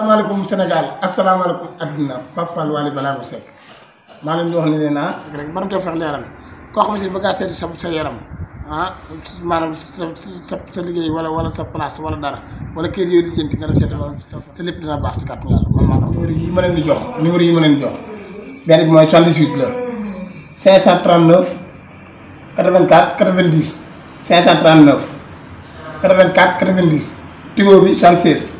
asalaamaaleykum Sénégal asalaamaaleykum adduna Pape Fall Waly Ballago Seck maa leen di wax ne leen ah rek mën nga ne sa sa yaram ah maanaam sa sa sa liggéey wala wala sa place wala dara wala kër yooyu di jënti nga def seeti wala sa lépp dina numéro yi ma leen di jox bi yi ma leen di jox benn bi mooy 78 la 539 84 90 539 tigo bi 76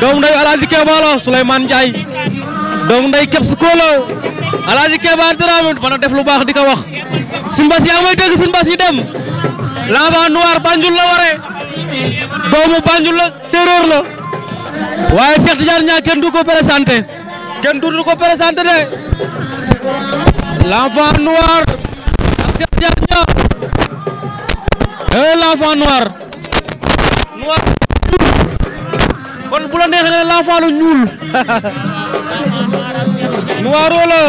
doomu nday Alaaji Keba la Souleymane doomu nday Kebs Kolo Alaaji Keba Dramé mën def lu baax di ko wax Sine Bass yaa ngi may dégg Sine Bass ñu dem l'enfant noir Banjul la waree doomu Banjul la séeréer la waaye Cheikh Tidiane Niang kenn du ko présenté kenn du ko présenté de l'enfant noir ak Cheikh Tidiane Niang eh l'enfant noir kon bu la neexee ne l'enfant ñuul la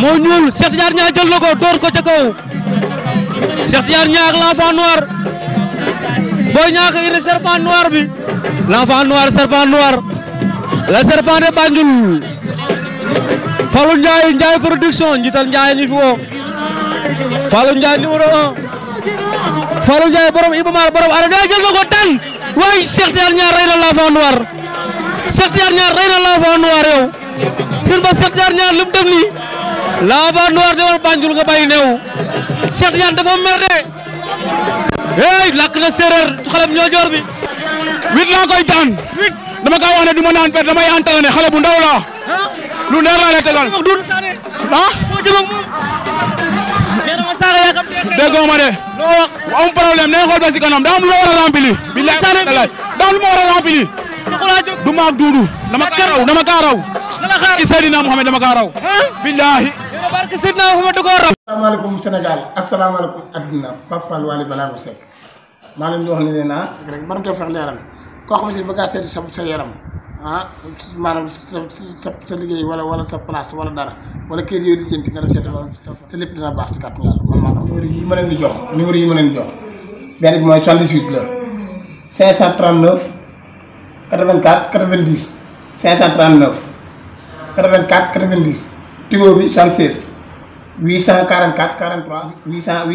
moo ñuul Cheikh Tidiane Niang jël na ko door ko ca kaw serpent noir bi serpent noir la serpent de Banjul Fallou Ndiaye Ndiaye production njiital Ndiaye ñu woo Fallou Ndiaye numéro 1 Fallou Ndiaye borom Ibamar borom arena jël na ko tan way Cheikh Tidiane Cheikh Tidiane Niang rey na L'enfant Noir yow seen ba Cheikh Tidiane Niang lu mu def nii L'enfant Noir Banjul nga bàyyi néew Cheikh Tidiane mer de hey lakk na séeréer xale bu bi. huit laa koy daan. dama kaa wax ne ma naan perte damay entraîné xale bu ndaw laa. lu leer laa lay tegal. ah. déggoo de. am problème ne xool ba si lu war a rempli. bilaay daa am lu ma war a laa jóg du maag duudu dama kaa raw dama kaa raw ki Seydina Mouhamed dama kaa raw billaahi barke Seydina Mouhamed da koo raw asalaamaaleykum Sénégal asalaamaaleykum adduna Pape Fall Waly Balago Seck maa leen di wax ne leen ah rek baram too fex leeral koo xam ne bëgg a seeti sa sa yaram ah maanaam sa sa sa liggéey wala wala sa place wala dara wala kër yooyu di jënti nga dem seeti wala sa lépp dina baax si kàttan yàlla man maanaam numéro yi ma leen di jox numéro yi ma leen di jox benn bi mooy 78 la 539 84 90 539 84 90 Tigo bi 76 844 43 800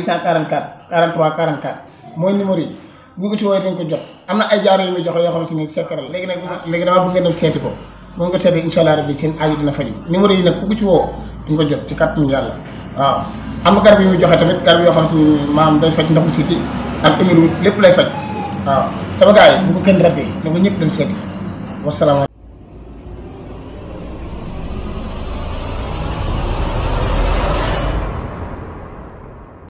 844 43 44 mooy numéro yi bu ko ci woowee dañ ko jot am na ay jaar yu muy joxe yoo xamante ni secret léegi nag léegi damaa bëgg ngeen seeti ko moom nga seeti incha allah rabbi seen aaju dina faju numéro yi nag ku ko ci woo duñ ko jot ci kàttanu yàlla waaw am na garab yu muy joxe tamit garab yoo xamante ni maam day faj ndoxu siiti ak lépp lay faj waaw sama gars bu ko kenn rafet na ba ñëpp dem seeti wasalaamaaleykum